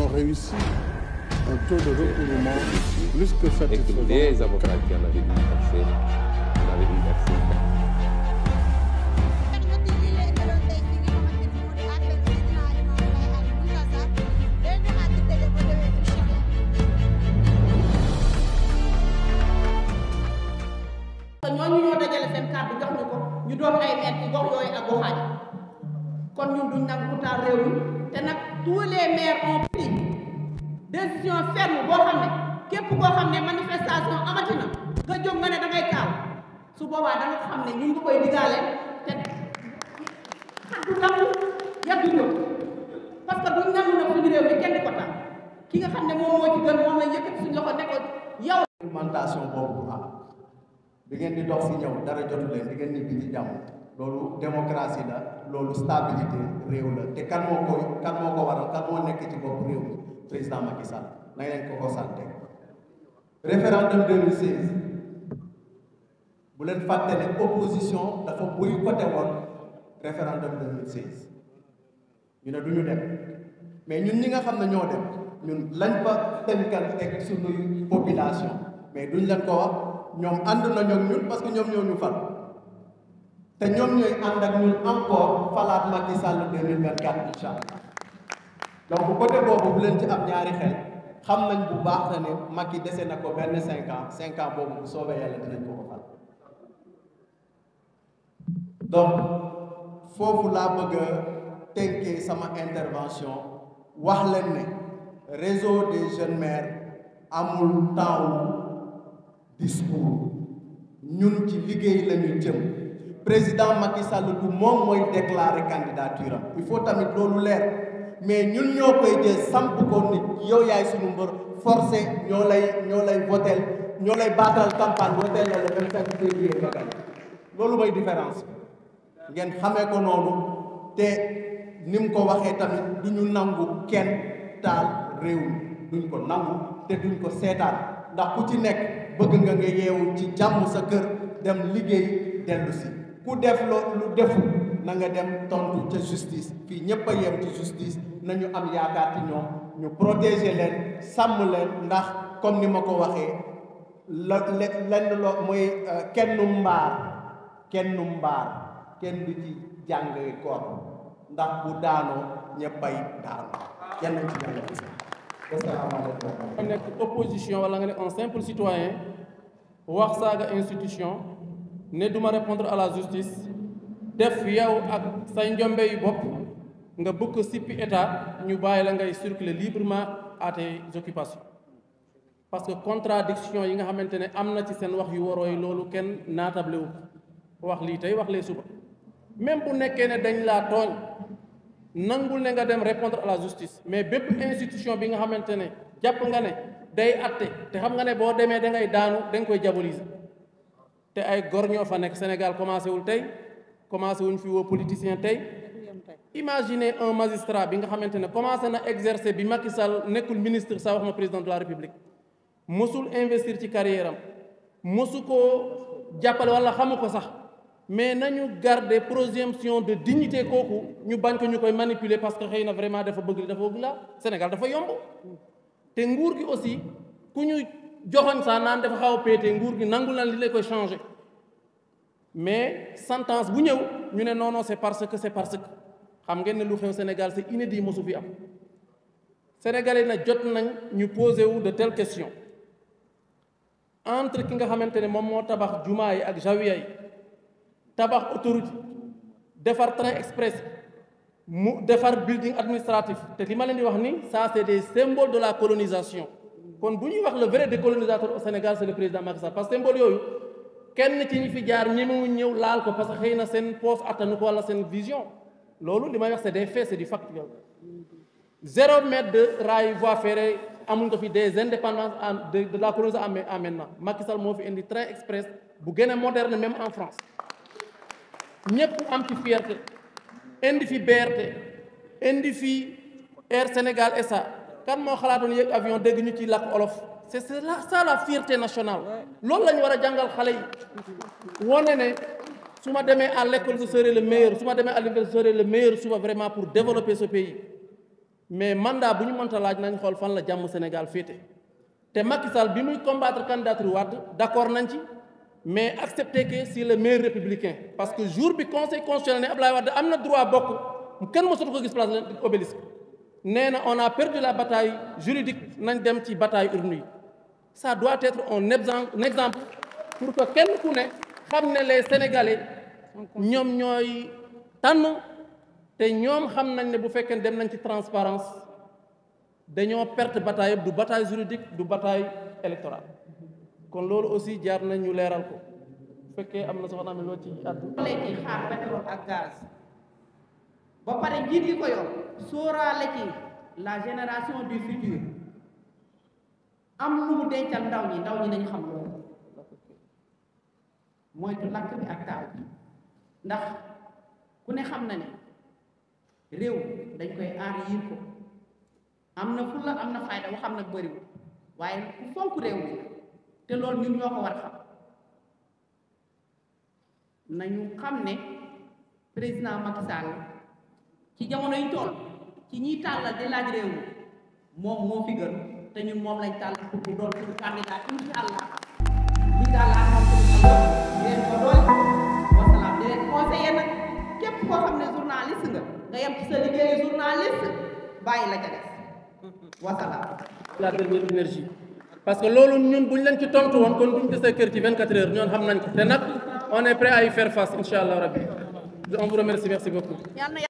ont réussi un taux de recouvrement plus que satisfaisant. Et que les avocats qui en avaient versé, en avaient versé. ñooñu ñoo dajale seen kàddu jox ñu ko ñu doon ay maire ci gox yooyu ak goxaat kon ñun duñ nag ku taal réew mi te nag tous les maires ont ferme boo xam ne képp koo xam ne manifestation amati nga jóg nga ne da taal su boobaa da nga xam ne ñun nga koy digaale te du nangu du ñëw ki nga xam ne moom moo ci gën moom la yëkkati suñu loxo ne yow. alimentation boobu bi ngeen di dox si ñëw dara jotu leen di ngeen ci jàmm loolu démocratie la loolu stabilité réew la te kan moo koy kan moo ko waral kan moo nekk ci bopp réew mi président Macky Sall nañ leen ko ko sant référendum 2016 bu leen fàtte ne opposition dafa boycotté ñu ne du ñu mais ñun ñi nga xam ne ñoo dem ñun lañ fa tënkal ak suñuy population mais duñ leen ko wax ñoom ànd nañoo ñun parce que ñoom ñoo ñu fal te ñoom ñooy ànd ak ñun encore falaat Macky Sall 2024 allah donc côté boobu bu ci am ñaari xel. xam nañ bu baax na ne Macky dese na ko benn cinquante ans cinq boobu bu soobee yàlla dinañ ko ko fal donc foofu laa bëgg a sama intervention wax leen ne réseau des jeunes maires amul temps discours ñun ci liggéey la ñu jëm président Macky Sall du moom mooy déclarer candidature am il faut tamit loolu leer mais ñun ñoo koy jël samp ko nit yow yaay suñu mbër forcé ñoo lay ñoo lay votel ñoo lay baatal campagne votel la le vingt cinq février nga gañ loolu mooy différence ngeen xamee ko noonu te ni ko waxee tamit du ñu nangu kenn taal réew mi duñ ko nangu te duñ ko seetaan ndax ku ci nekk bëgg nga nga yeewu ci jàmm sa kër dem liggéey dellu si ku def loo lu defu na nga dem tontu ca justice fii ñëpp a yem ci justice nañu am yaakaar ci ñoom ñu protéger leen sàmm leen ndax comme ni ma ko waxee la lenn loo mooy mu euh, mbaar kennu mbaar kenn du ci jàng koor ndax bu daanoo ñëppay daanoo kenn ci jàng asalaamaaleykum nga nekk opposition wala nga nekk un simple citoyen wax saaga institution ne duma répondre à la justice def yow ak say njombe yu bopp nga bëgg ko sippi état ñu bàyyi la ngay circuler librement à tes occupations parce que contradiction yi nga xamante ne am na ci seen wax yu warooy loolu kenn naatable wu wax lii tey wax lee suba même bu nekkee ne dañ laa tooñ nangul ne nga dem répondre à la justice mais bépp institution bi nga xamante ne jàpp nga ne day atte te xam nga ne boo demee da ngay daanu da nga koy jabolise te ay góor ñoo fa nekk Sénégal commencé wul tey commencé wuñ fi woo politicien tey imaginez un magistrat bi nga xamante ne commencé na exercer bi Macky nekkul ministre sa wax ma président de la république mësul investir ci carrière am mësu koo jàppale wala xamu ko sax mais nañu garder présomption de dignité kooku ñu bañ ko ñu koy manipuler parce que xëy na vraiment dafa bëgg li dafa bëgg la Sénégal dafa yomb te nguur gi aussi ku ñu joxoñ saa naan dafa xaw a péete nguur gi nangu la li lay koy changer mais sentence bu ñëw ñu ne non non c'est parce que parce que xam ngeen ne lu xew Sénégal c'est inédit mosu fi am sénégalais na jot nañ ñu posé wu de telles questions entre ki nga xamante ne moom moo tabax jumaa yi ak jawiya yi tabax autoroute defar train express mu defar building administratif te li ma leen di wax ni ça c'est des symboles de la colonisation kon bu ñuy wax le vrai décolonisateur au Sénégal c'est le président Macky Sall parce yooyu kenn ci ñi fi jaar ñi ñëw laal ko parce que xëy na seen poste attanu ko wala seen vision loolu li may wax c'est des faits c'est du factuel zéro mètre de rail voie ferrée amuñ ko fi des indépendances en de la colonisation en maintenant Macky Sall moo fi indi train express bu gën a moderne même en France ñëpp am ci fierté indi fi BRT indi fi Air Sénégal SA kan moo xalaatoon yéeg avion dégg ñu ci làkk olof c'est ça la national loolu la ñu war a jàngal xale yi wone ne su ma demee à l'école je serai le meilleur demee à l'université je serai le meilleur suba vraiment pour développer ce pays mais mandat bu ñu mënta laaj nañ xool fan la jàmm Sénégal féete te Macky Sall bi muy combattre candidature Wade d'accord nañ ci mais accepter que c'est le meilleur républicain parce que jour bi conseil constitutionnel ne Abdoulaye Wade am na droit bokk kenn mësatu ko gis place leen nee na on a perdu la bataille juridique nañ dem ci bataille urne yi ça doit être un exemple pour que ku ne xam ne les sénégalais ñoom ñooy tànn te ñoom xam nañ ne bu fekkee dem nañ ci transparence dañoo perte bataille du bataille juridique du bataille électorale kon loolu aussi jaar nañ ñu leeral ko bu fekkee am na soxna mi loo ci àddu leen di xaar pétrole ak gaz ba pare njiit yi ko yor sóoraale ci la génération du futur am lu dencal ndaw ñi ndaw ñi nañ xam loolu moytu lakk bi ak taal bi ndax ku ne xam na ne réew dañ koy aar yiir ko am na fulla am na fayda waxam nag bëriwul waaye ku fonk réew mi te loolu ñun ñoo ko war a xam nañu xam ne président Macky Sall ci jamono yi tool ci ñiy tàllal di laaj réew mi moom moo fi gën te ñun moom lañ tàllal pour doon suñu candidat incha allah incha allah koo xam ne journaliste nga bàyyi la ca la dernière énergie parce que loolu ñun bu ñu leen ci tontu woon kon duñ sa kër ci 24 heures ñoon xam nañ ko te nag on est prêt à y faire face incha allah rabbi on vous remercie merci beaucoup.